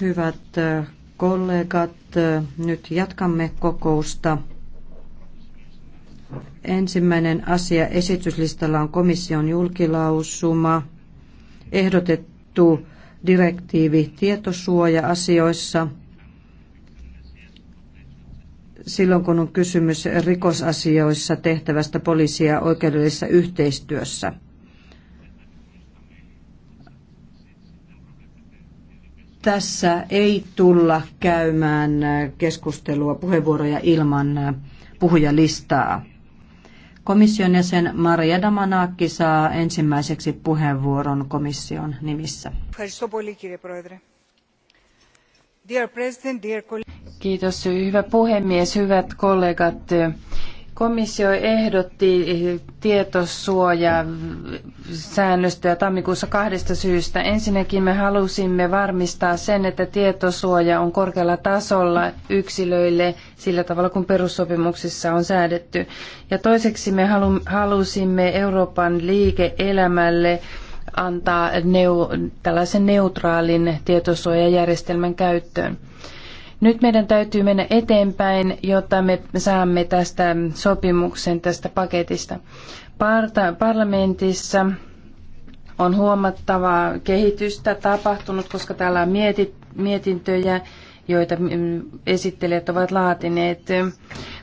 Hyvät kollegat, nyt jatkamme kokousta. Ensimmäinen asia esityslistalla on komission julkilausuma, ehdotettu direktiivi tietosuoja-asioissa silloin, kun on kysymys rikosasioissa tehtävästä poliisia oikeudellisessa yhteistyössä. tässä ei tulla käymään keskustelua puheenvuoroja ilman puhujalistaa. Komission jäsen Maria Damanakki saa ensimmäiseksi puheenvuoron komission nimissä. Kiitos, hyvä puhemies, hyvät kollegat. Komissio ehdotti tietosuojasäännöstöä tammikuussa kahdesta syystä. Ensinnäkin me halusimme varmistaa sen, että tietosuoja on korkealla tasolla yksilöille sillä tavalla kuin perussopimuksissa on säädetty. Ja toiseksi me halusimme Euroopan liike-elämälle antaa neu, tällaisen neutraalin tietosuojajärjestelmän käyttöön. Nyt meidän täytyy mennä eteenpäin, jotta me saamme tästä sopimuksen tästä paketista. parlamentissa on huomattavaa kehitystä tapahtunut, koska täällä on mietintöjä, joita mm, esittelijät ovat laatineet.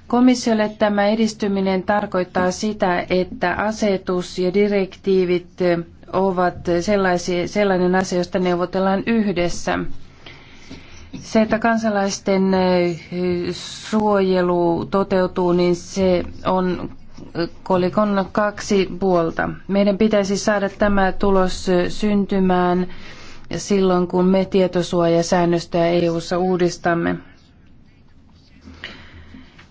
Komissiolle tämä edistyminen tarkoittaa sitä, että asetus ja direktiivit ovat sellaisia, sellainen asia, josta neuvotellaan yhdessä se, että kansalaisten eh, suojelu toteutuu, niin se on kolikon kaksi puolta. Meidän pitäisi saada tämä tulos eh, syntymään silloin, kun me tietosuojasäännöstöä EU-ssa uudistamme.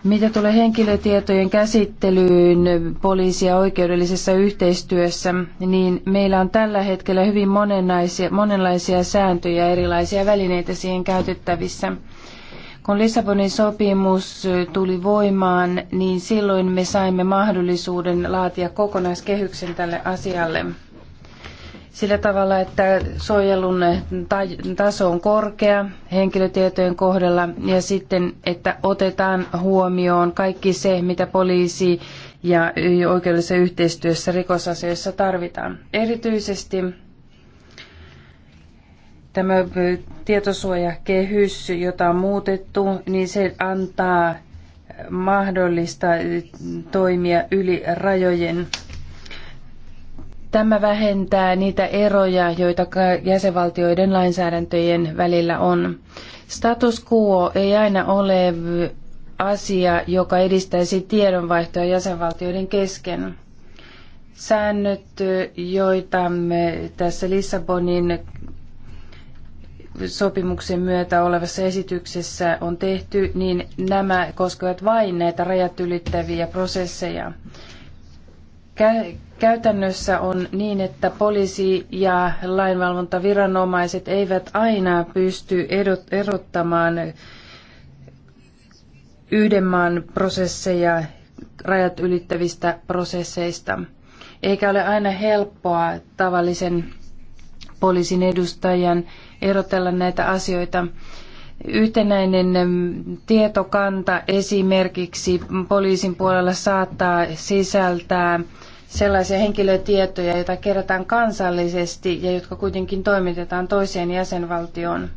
Mitä tulee henkilötietojen käsittelyyn poliisi- ja oikeudellisessa yhteistyössä, niin meillä on tällä hetkellä hyvin monenlaisia, monenlaisia sääntöjä ja erilaisia välineitä siihen käytettävissä. Kun Lissabonin sopimus tuli voimaan, niin silloin me saimme mahdollisuuden laatia kokonaiskehyksen tälle asialle sillä tavalla, että suojelun taso on korkea henkilötietojen kohdalla ja sitten, että otetaan huomioon kaikki se, mitä poliisi ja oikeudellisessa yhteistyössä rikosasioissa tarvitaan. Erityisesti tämä tietosuojakehys, jota on muutettu, niin se antaa mahdollista toimia yli rajojen Tämä vähentää niitä eroja, joita jäsenvaltioiden lainsäädäntöjen välillä on. Status quo ei aina ole asia, joka edistäisi tiedonvaihtoa jäsenvaltioiden kesken. Säännöt, joita me tässä Lissabonin sopimuksen myötä olevassa esityksessä on tehty, niin nämä koskevat vain näitä rajat ylittäviä prosesseja Käytännössä on niin, että poliisi ja lainvalvontaviranomaiset eivät aina pysty erottamaan yhden maan prosesseja rajat ylittävistä prosesseista. Eikä ole aina helppoa tavallisen poliisin edustajan erotella näitä asioita. Yhtenäinen mm, tietokanta esimerkiksi poliisin puolella saattaa sisältää sellaisia henkilötietoja, joita kerätään kansallisesti ja jotka kuitenkin toimitetaan toiseen jäsenvaltioon.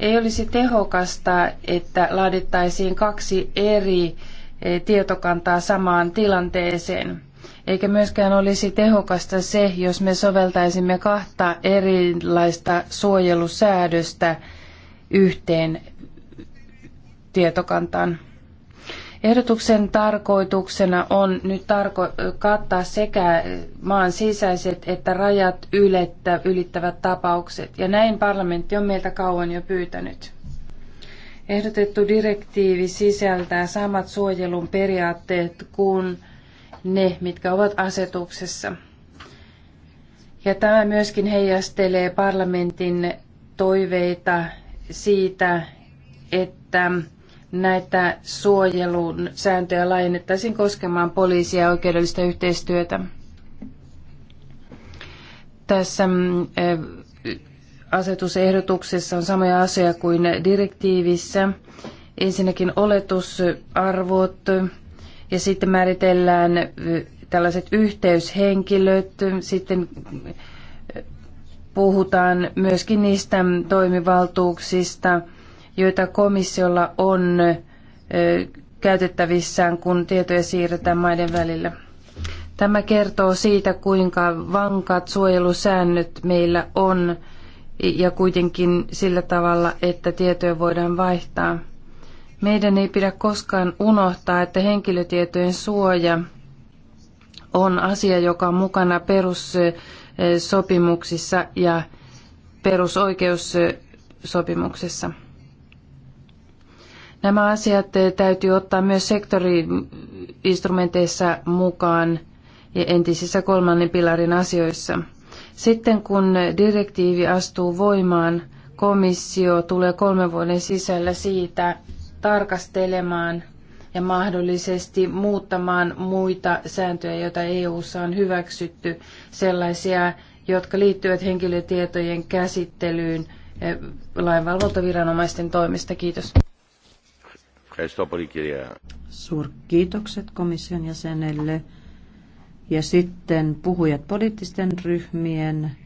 Ei olisi tehokasta, että laadittaisiin kaksi eri eh, tietokantaa samaan tilanteeseen. Eikä myöskään olisi tehokasta se, jos me soveltaisimme kahta erilaista suojelusäädöstä yhteen tietokantaan. Ehdotuksen tarkoituksena on nyt tarko- kattaa sekä maan sisäiset että rajat ylettä, ylittävät tapaukset, ja näin parlamentti on meiltä kauan jo pyytänyt. Ehdotettu direktiivi sisältää samat suojelun periaatteet kuin ne, mitkä ovat asetuksessa. Ja tämä myöskin heijastelee parlamentin toiveita siitä, että näitä suojelun sääntöjä laajennettaisiin koskemaan poliisia ja oikeudellista yhteistyötä. Tässä mm, eh, asetusehdotuksessa on samoja asia kuin direktiivissä. Ensinnäkin oletusarvot ja sitten määritellään eh, tällaiset yhteyshenkilöt, sitten eh, puhutaan myöskin niistä toimivaltuuksista, joita komissiolla on käytettävissään, kun tietoja siirretään maiden välillä. Tämä kertoo siitä, kuinka vankat suojelusäännöt meillä on ja kuitenkin sillä tavalla, että tietoja voidaan vaihtaa. Meidän ei pidä koskaan unohtaa, että henkilötietojen suoja on asia, joka on mukana perussopimuksissa ja perusoikeussopimuksessa. Nämä asiat eh, täytyy ottaa myös sektoriinstrumenteissa mukaan ja entisissä kolmannen pilarin asioissa. Sitten kun direktiivi astuu voimaan, komissio tulee kolmen vuoden sisällä siitä tarkastelemaan ja mahdollisesti muuttamaan muita sääntöjä, joita EU:ssa on hyväksytty, sellaisia, jotka liittyvät henkilötietojen käsittelyyn eh, lainvalvontaviranomaisten toimesta. Kiitos. Suurkiitokset komission jäsenelle. Ja sitten puhujat poliittisten ryhmien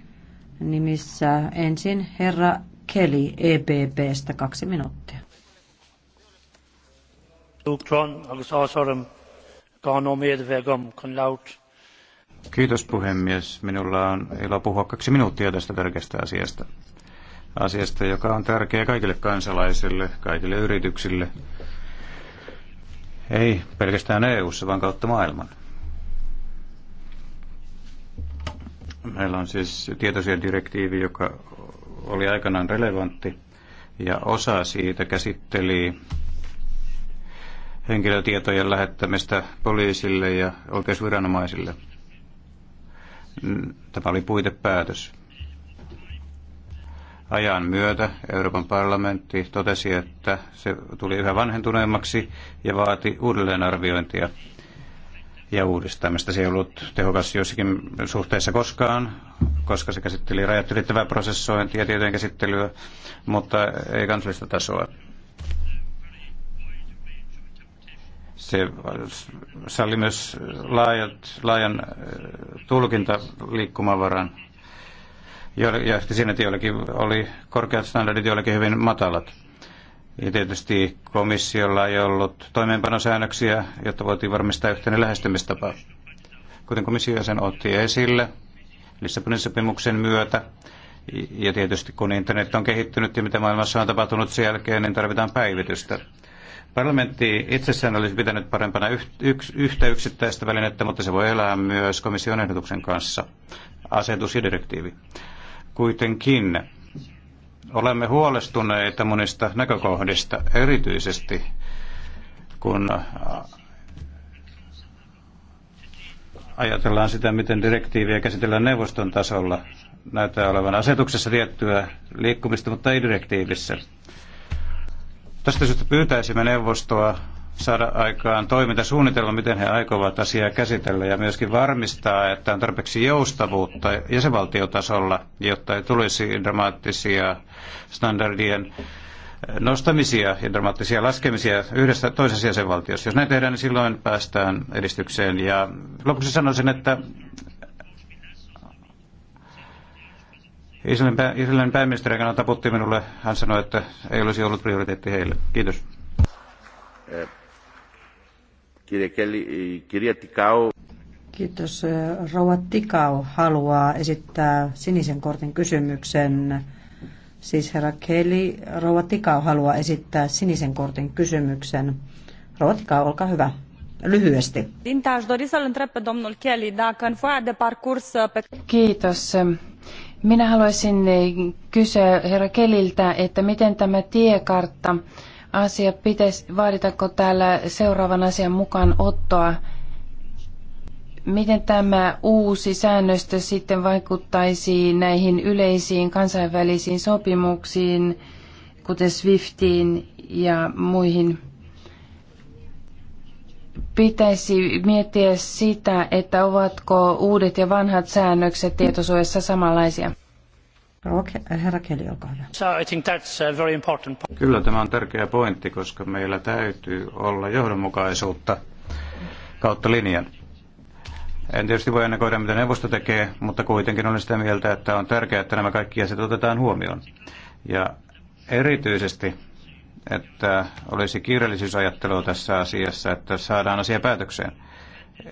nimissä. Ensin herra Kelly EPPstä kaksi minuuttia. Kiitos puhemies. Minulla on ilo puhua kaksi minuuttia tästä tärkeästä asiasta. Asiasta, joka on tärkeä kaikille kansalaisille, kaikille yrityksille, ei pelkästään EU-ssa, vaan kautta maailman. Meillä on siis tietosuojadirektiivi, joka oli aikanaan relevantti ja osa siitä käsitteli henkilötietojen lähettämistä poliisille ja oikeusviranomaisille. Tämä oli puitepäätös ajan myötä Euroopan parlamentti totesi, että se tuli yhä vanhentuneemmaksi ja vaati uudelleenarviointia ja uudistamista. Se ei ollut tehokas jossakin suhteessa koskaan, koska se käsitteli rajat ylittävää prosessointia ja tietojen käsittelyä, mutta ei kansallista tasoa. Se salli myös laajat, laajan äh, tulkinta liikkumavaran ja siinä, että oli korkeat standardit, joillekin hyvin matalat. Ja tietysti komissiolla ei ollut toimeenpanosäännöksiä, jotta voitiin varmistaa yhteinen lähestymistapa. Kuten komissio sen otti esille Lissabonin sopimuksen myötä, ja tietysti kun internet on kehittynyt ja mitä maailmassa on tapahtunut sen jälkeen, niin tarvitaan päivitystä. Parlamentti itsessään olisi pitänyt parempana yhtä yksittäistä välinettä, mutta se voi elää myös komission ehdotuksen kanssa, asetus ja direktiivi. Kuitenkin olemme huolestuneita monista näkökohdista, erityisesti kun ajatellaan sitä, miten direktiiviä käsitellään neuvoston tasolla. Näyttää olevan asetuksessa tiettyä liikkumista, mutta ei direktiivissä. Tästä syystä pyytäisimme neuvostoa saada aikaan toimintasuunnitelma, miten he aikovat asiaa käsitellä ja myöskin varmistaa, että on tarpeeksi joustavuutta jäsenvaltiotasolla, jotta ei tulisi dramaattisia standardien nostamisia ja dramaattisia laskemisia yhdessä toisessa jäsenvaltiossa. Jos näin tehdään, niin silloin päästään edistykseen. Ja lopuksi sanoisin, että Israelin, pää, Israelin kanssa taputti minulle. Hän sanoi, että ei olisi ollut prioriteetti heille. Kiitos. Eh, Kirja Tikau. Kiitos. Rouva Tikau haluaa esittää sinisen kortin kysymyksen. Siis herra Kelly, rouva Tikau haluaa esittää sinisen kortin kysymyksen. Rouva Tikau, olkaa hyvä. Lyhyesti. Uh, Kiitos. Minä haluaisin eh, kysyä herra Keliltä, että miten tämä tiekartta asia pitäisi, vaaditako täällä seuraavan asian mukaan ottoa? Miten tämä uusi säännöstö sitten vaikuttaisi näihin yleisiin kansainvälisiin sopimuksiin, kuten SWIFTiin ja muihin? Pitäisi miettiä sitä, että ovatko uudet ja vanhat säännökset tietosuojassa samanlaisia. No, Kyllä tämä on tärkeä pointti, koska meillä täytyy olla johdonmukaisuutta kautta linjan. En tietysti voi ennakoida, mitä neuvosto tekee, mutta kuitenkin olen sitä mieltä, että on tärkeää, että nämä kaikki asiat otetaan huomioon. Ja erityisesti, että olisi kiireellisyysajattelua tässä asiassa, että saadaan asia päätökseen.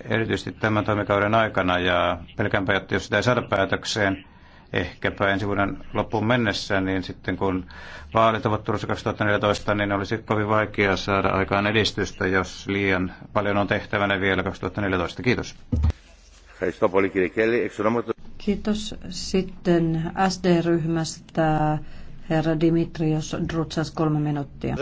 Erityisesti tämän toimikauden aikana ja pelkäänpä, että jos sitä ei saada päätökseen, ehkäpä ensi vuoden loppuun mennessä, niin sitten kun vaalit ovat Turussa 2014, niin olisi kovin vaikeaa saada aikaan edistystä, jos liian paljon on tehtävänä vielä 2014. Kiitos. Kiitos. Sitten SD-ryhmästä herra Dimitrios Drutsas kolme minuuttia.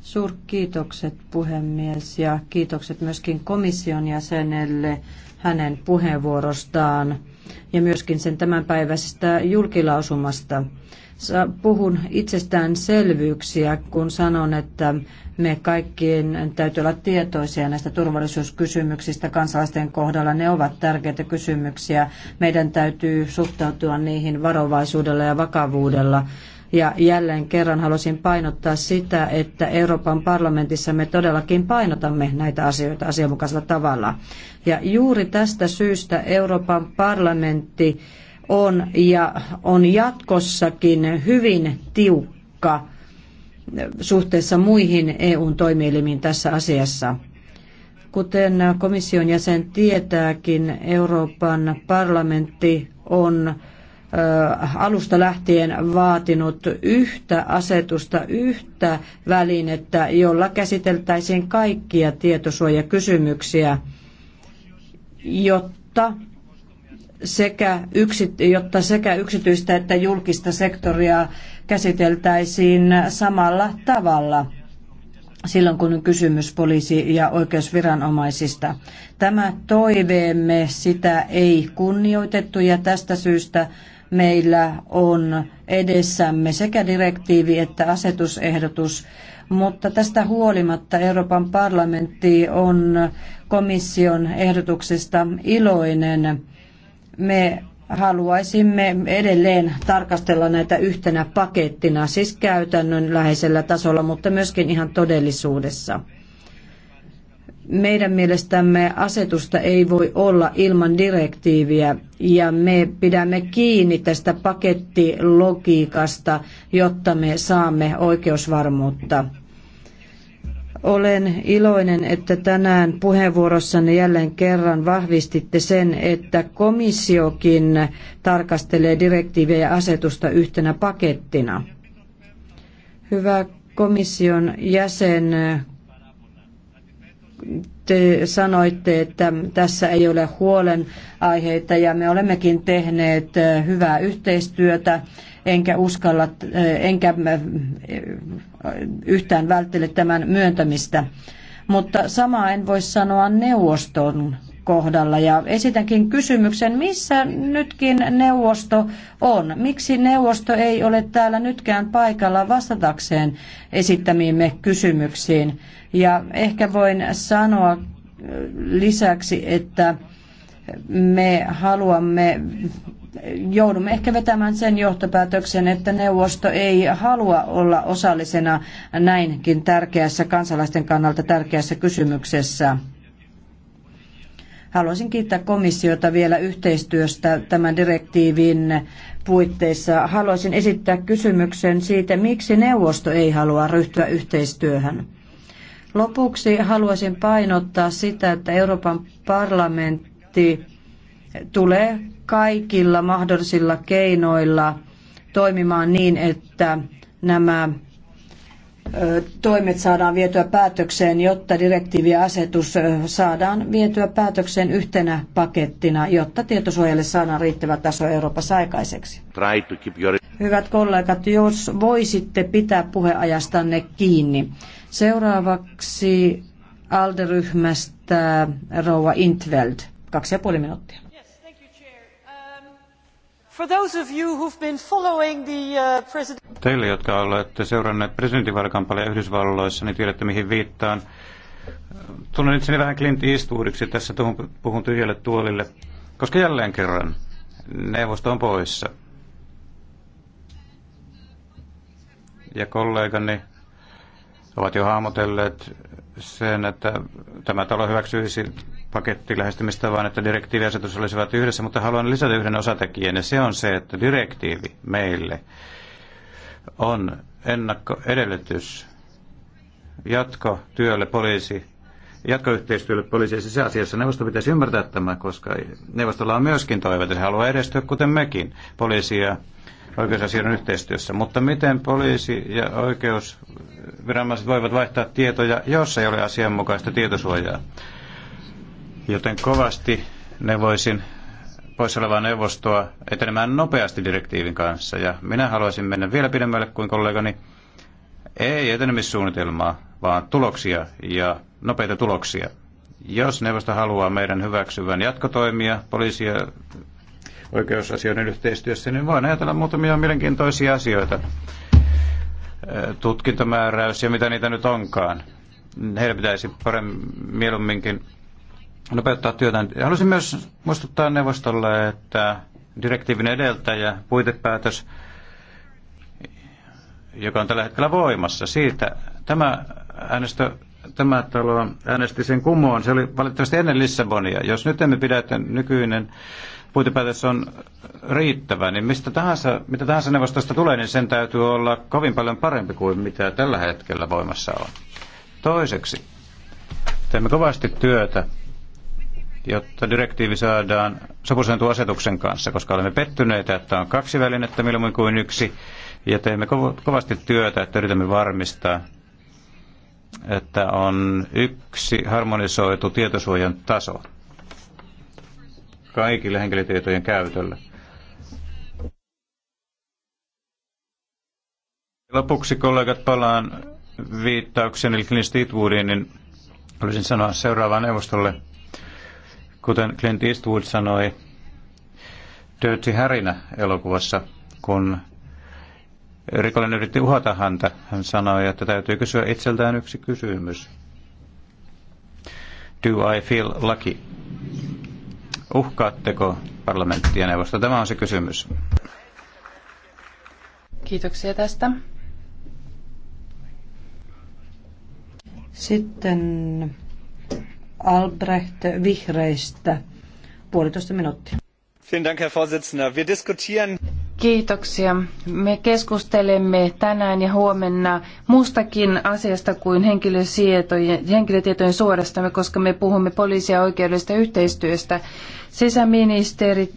Suurkiitokset puhemies ja kiitokset myöskin komission jäsenelle hänen puheenvuorostaan ja myöskin sen tämänpäiväisestä julkilausumasta. Puhun itsestäänselvyyksiä, kun sanon, että me kaikkien täytyy olla tietoisia näistä turvallisuuskysymyksistä kansalaisten kohdalla. Ne ovat tärkeitä kysymyksiä. Meidän täytyy suhtautua niihin varovaisuudella ja vakavuudella ja jälleen kerran haluaisin painottaa sitä, että Euroopan parlamentissa me todellakin painotamme näitä asioita asianmukaisella tavalla. Ja juuri tästä syystä Euroopan parlamentti on ja on jatkossakin hyvin tiukka suhteessa muihin EUn toimielimiin tässä asiassa. Kuten komission jäsen tietääkin, Euroopan parlamentti on alusta lähtien vaatinut yhtä asetusta, yhtä välinettä, jolla käsiteltäisiin kaikkia tietosuojakysymyksiä, jotta sekä, yksi, jotta sekä yksityistä että julkista sektoria käsiteltäisiin samalla tavalla silloin, kun on kysymys poliisi- ja oikeusviranomaisista. Tämä toiveemme sitä ei kunnioitettu ja tästä syystä meillä on edessämme sekä direktiivi että asetusehdotus, mutta tästä huolimatta Euroopan parlamentti on komission ehdotuksesta iloinen. Me haluaisimme edelleen tarkastella näitä yhtenä pakettina, siis käytännön läheisellä tasolla, mutta myöskin ihan todellisuudessa. Meidän mielestämme asetusta ei voi olla ilman direktiiviä ja me pidämme kiinni tästä pakettilogiikasta, jotta me saamme oikeusvarmuutta. Olen iloinen, että tänään puheenvuorossanne jälleen kerran vahvistitte sen, että komissiokin tarkastelee direktiiviä ja asetusta yhtenä pakettina. Hyvä komission jäsen, te sanoitte, että tässä ei ole huolen aiheita ja me olemmekin tehneet hyvää yhteistyötä, enkä uskalla, enkä yhtään välttele tämän myöntämistä. Mutta samaa en voi sanoa neuvoston kohdalla. Ja esitänkin kysymyksen, missä nytkin neuvosto on? Miksi neuvosto ei ole täällä nytkään paikalla vastatakseen esittämiimme kysymyksiin? Ja ehkä voin sanoa äh, lisäksi, että me haluamme joudumme ehkä vetämään sen johtopäätöksen, että neuvosto ei halua olla osallisena näinkin tärkeässä kansalaisten kannalta tärkeässä kysymyksessä. Haluaisin kiittää komissiota vielä yhteistyöstä tämän direktiivin puitteissa. Haluaisin esittää kysymyksen siitä, miksi neuvosto ei halua ryhtyä yhteistyöhön. Lopuksi haluaisin painottaa sitä, että Euroopan parlamentti tulee kaikilla mahdollisilla keinoilla toimimaan niin, että nämä toimet saadaan vietyä päätökseen, jotta direktiivi ja asetus saadaan vietyä päätökseen yhtenä pakettina, jotta tietosuojalle saadaan riittävä taso Euroopassa aikaiseksi. Hyvät kollegat, jos voisitte pitää puheajastanne kiinni. Seuraavaksi ALDE-ryhmästä Rouva Intveld, kaksi ja puoli minuuttia. Teille, jotka olette seuranneet presidentinvaalikampanjaa Yhdysvalloissa, niin tiedätte mihin viittaan. Tunnen itseni vähän Clint Eastwoodiksi tässä, tuohon puhun tyhjälle tuolille, koska jälleen kerran neuvosto on poissa. Ja kollegani ovat jo hahmotelleet sen, että tämä talo hyväksyisi pakettilähestymistä, vaan että direktiivi ja asetus olisivat yhdessä, mutta haluan lisätä yhden osatekijän, ja se on se, että direktiivi meille on ennakkoedellytys jatkotyölle poliisi, jatkoyhteistyölle poliisien sisäasiassa. Neuvosto pitäisi ymmärtää tämä, koska neuvostolla on myöskin että Se haluaa edestyä, kuten mekin, poliisia oikeusasioiden yhteistyössä. Mutta miten poliisi ja oikeusviranomaiset voivat vaihtaa tietoja, jos ei ole asianmukaista tietosuojaa? Joten kovasti neuvoisin pois olevaa neuvostoa etenemään nopeasti direktiivin kanssa. Ja minä haluaisin mennä vielä pidemmälle kuin kollegani. Ei etenemissuunnitelmaa, vaan tuloksia ja nopeita tuloksia. Jos neuvosto haluaa meidän hyväksyvän jatkotoimia poliisi- ja oikeusasioiden yhteistyössä, niin voin ajatella muutamia mielenkiintoisia asioita. Tutkintomääräys ja mitä niitä nyt onkaan. Heidän pitäisi paremmin mieluumminkin nopeuttaa työtä. Haluaisin myös muistuttaa neuvostolle, että direktiivin edeltäjä puitepäätös, joka on tällä hetkellä voimassa, siitä tämä äänestö tämä talo äänesti sen kumoon. Se oli valitettavasti ennen Lissabonia. Jos nyt emme pidä, että nykyinen puitepäätös on riittävä, niin mistä tahansa, mitä tahansa neuvostosta tulee, niin sen täytyy olla kovin paljon parempi kuin mitä tällä hetkellä voimassa on. Toiseksi, teemme kovasti työtä jotta direktiivi saadaan sopusentua asetuksen kanssa, koska olemme pettyneitä, että on kaksi välinettä milloin kuin yksi, ja teemme kovasti työtä, että yritämme varmistaa, että on yksi harmonisoitu tietosuojan taso kaikille henkilötietojen käytölle. Lopuksi kollegat palaan eli Clint Eastwoodiin, niin haluaisin sanoa seuraavaan neuvostolle – Kuten Clint Eastwood sanoi Dirty Härinä elokuvassa, kun rikollinen yritti uhata häntä, hän sanoi, että täytyy kysyä itseltään yksi kysymys. Do I feel lucky? Uhkaatteko parlamenttia neuvosta? Tämä on se kysymys. Kiitoksia tästä. Sitten Albrecht vihreistä. Puolitoista minuuttia. Kiitoksia. Me keskustelemme tänään ja huomenna muustakin asiasta kuin henkilötietojen, suorasta, koska me puhumme poliisia oikeudellisesta yhteistyöstä. Sisäministerit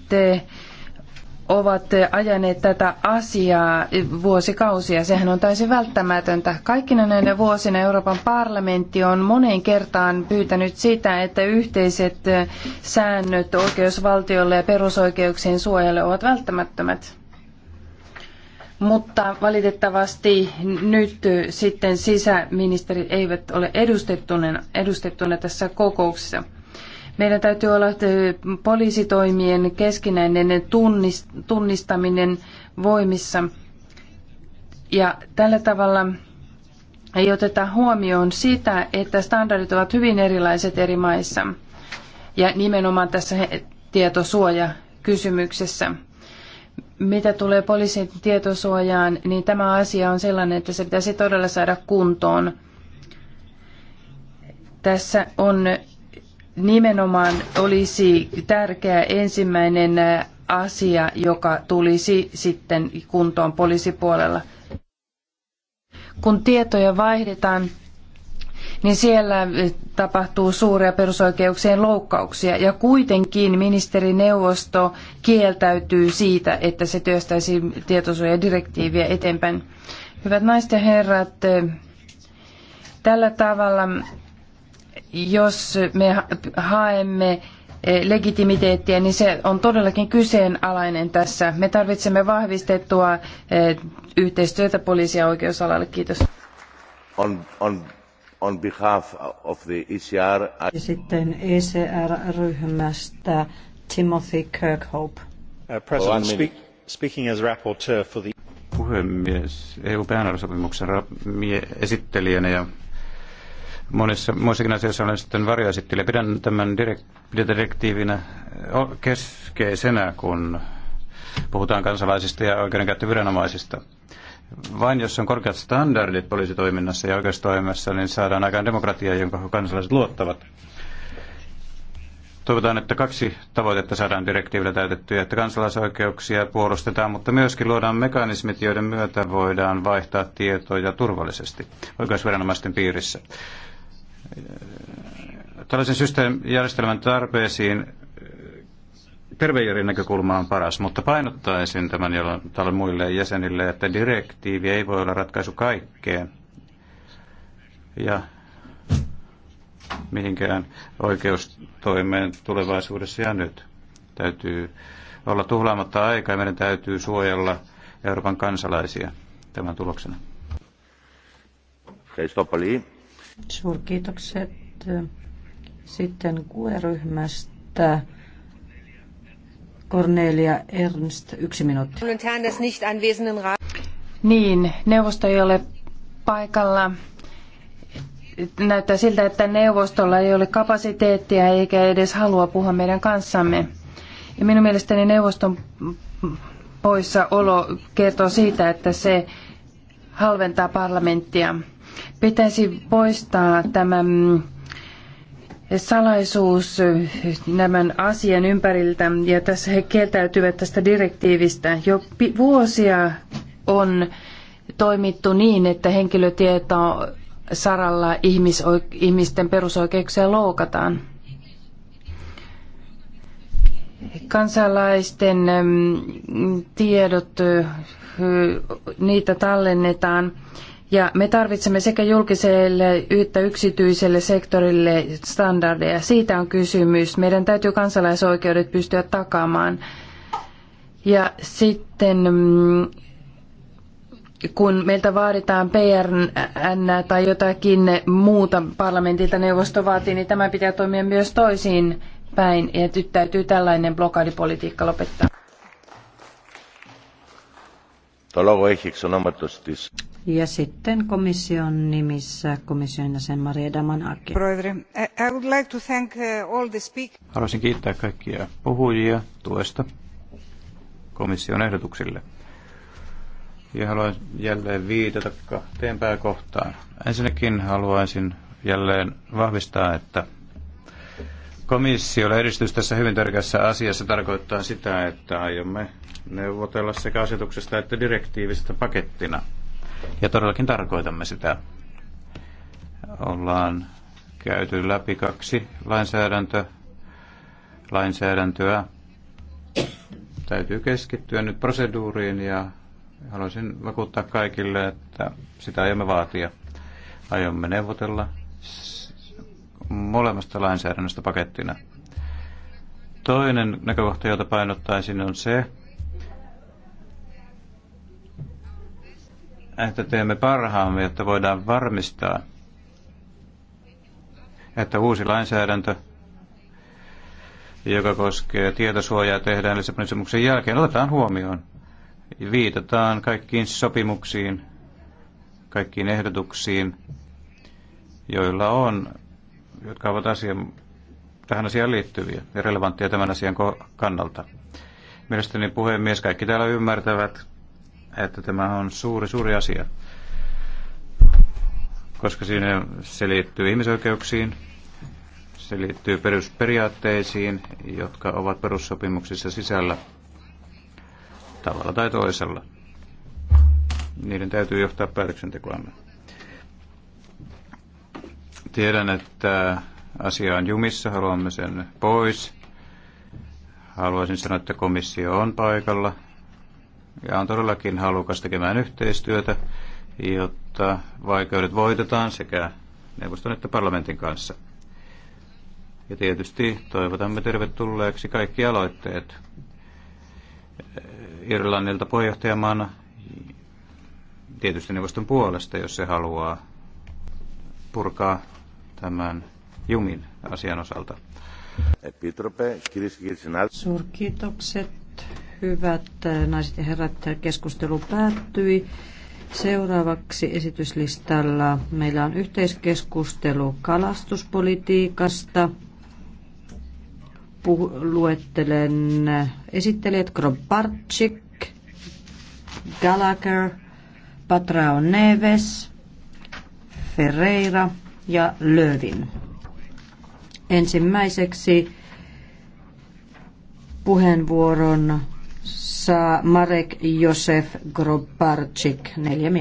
ovat ajaneet tätä asiaa vuosikausia. Sehän on täysin välttämätöntä. Kaikkina näinä vuosina Euroopan parlamentti on moneen kertaan pyytänyt sitä, että yhteiset säännöt oikeusvaltiolle ja perusoikeuksien suojalle ovat välttämättömät. Mutta valitettavasti nyt sitten sisäministerit eivät ole edustettuna edustettuna tässä kokouksessa. Meillä täytyy olla poliisitoimien keskinäinen tunnistaminen voimissa. Ja tällä tavalla ei oteta huomioon sitä, että standardit ovat hyvin erilaiset eri maissa. Ja nimenomaan tässä tietosuojakysymyksessä. Mitä tulee poliisin tietosuojaan, niin tämä asia on sellainen, että se pitäisi todella saada kuntoon. Tässä on nimenomaan olisi tärkeä ensimmäinen asia, joka tulisi sitten kuntoon poliisipuolella. Kun tietoja vaihdetaan, niin siellä tapahtuu suuria perusoikeuksien loukkauksia. Ja kuitenkin ministerineuvosto kieltäytyy siitä, että se työstäisi tietosuojadirektiiviä eteenpäin. Hyvät naiset ja herrat, tällä tavalla jos me haemme eh, legitimiteettiä, niin se on todellakin kyseenalainen tässä. Me tarvitsemme vahvistettua eh, yhteistyötä poliisi- ja oikeusalalle. Kiitos. On, on, on behalf of the ECR, I... Sitten ECR-ryhmästä Timothy Kirkhope. Uh, speaking as rapporteur for the... Puhemies, EU-päänarasopimuksen esittelijänä ja monissa muissakin asioissa olen sitten varjoesittelijä. Pidän tämän direkt, direktiivinä keskeisenä, kun puhutaan kansalaisista ja oikeudenkäyttöviranomaisista. Vain jos on korkeat standardit poliisitoiminnassa ja oikeustoimessa, niin saadaan aikaan demokratiaa, jonka kansalaiset luottavat. Toivotaan, että kaksi tavoitetta saadaan direktiivillä täytettyä, että kansalaisoikeuksia puolustetaan, mutta myöskin luodaan mekanismit, joiden myötä voidaan vaihtaa tietoja turvallisesti oikeusviranomaisten piirissä tällaisen järjestelmän tarpeisiin eh, terveijärin näkökulma on paras, mutta painottaisin tämän tälle muille jäsenille, että direktiivi ei voi olla ratkaisu kaikkeen ja mihinkään oikeustoimeen tulevaisuudessa ja nyt. Täytyy olla tuhlaamatta aikaa ja meidän täytyy suojella Euroopan kansalaisia tämän tuloksena. Kiitos Suurkiitokset. Sitten QE-ryhmästä Cornelia Ernst, yksi minuutti. Niin, neuvosto ei ole paikalla. Näyttää siltä, että neuvostolla ei ole kapasiteettia eikä edes halua puhua meidän kanssamme. Ja minun mielestäni neuvoston poissaolo kertoo siitä, että se halventaa parlamenttia. Pitäisi poistaa tämä mm, salaisuus tämän asian ympäriltä ja tässä he kieltäytyvät tästä direktiivistä. Jo vuosia on toimittu niin, että henkilötieto saralla ihmisten perusoikeuksia loukataan. Kansalaisten mm, tiedot, mm, niitä tallennetaan ja me tarvitsemme sekä julkiselle että yksityiselle sektorille standardeja. Siitä on kysymys. Meidän täytyy kansalaisoikeudet pystyä takaamaan. Ja sitten mm, kun meiltä vaaditaan PRN tai jotakin muuta parlamentilta neuvosto vaatii, niin tämä pitää toimia myös toisiin päin. Ja nyt täytyy tällainen blokadipolitiikka lopettaa. Ja sitten komission nimissä komission jäsen Maria Damanaki. Uh, haluaisin kiittää kaikkia puhujia tuesta komission ehdotuksille. Ja haluan jälleen viitata kahteen pääkohtaan. Ensinnäkin haluaisin jälleen vahvistaa, että komissiolle edistys tässä hyvin tärkeässä asiassa tarkoittaa sitä, että aiomme neuvotella sekä asetuksesta että direktiivistä pakettina. Ja todellakin tarkoitamme sitä. Ollaan käyty läpi kaksi lainsäädäntö, lainsäädäntöä. Täytyy keskittyä nyt proseduuriin ja haluaisin vakuuttaa kaikille, että sitä aiomme vaatia. Aiomme neuvotella molemmasta lainsäädännöstä pakettina. Toinen näkökohta, jota painottaisin, on se, että teemme parhaamme, jotta voidaan varmistaa, että uusi lainsäädäntö, joka koskee tietosuojaa, tehdään Lissabonin sopimuksen jälkeen, otetaan huomioon. Viitataan kaikkiin sopimuksiin, kaikkiin ehdotuksiin, joilla on jotka ovat asian, tähän asiaan liittyviä ja relevantteja tämän asian kannalta. Mielestäni puhemies, kaikki täällä ymmärtävät, että tämä on suuri, suuri asia, koska siinä se liittyy ihmisoikeuksiin, se liittyy perusperiaatteisiin, jotka ovat perussopimuksissa sisällä tavalla tai toisella. Niiden täytyy johtaa päätöksentekoamme. Tiedän, että asia on jumissa, haluamme sen pois. Haluaisin sanoa, että komissio on paikalla ja on todellakin halukas tekemään yhteistyötä, jotta vaikeudet voitetaan sekä neuvoston että parlamentin kanssa. Ja tietysti toivotamme tervetulleeksi kaikki aloitteet Irlannilta puheenjohtajamaana tietysti neuvoston puolesta, jos se haluaa purkaa tämän Jumin asian osalta. Suurkiitokset, hyvät äh, naiset ja herrat. Äh, keskustelu päättyi. Seuraavaksi esityslistalla meillä on yhteiskeskustelu kalastuspolitiikasta. Puh- luettelen äh, esittelijät Grobarczyk, Gallagher, Patrao Neves, Ferreira – ja Lövin. Ensimmäiseksi puheenvuoron saa Marek Josef Grobarczyk, neljä minuuttia.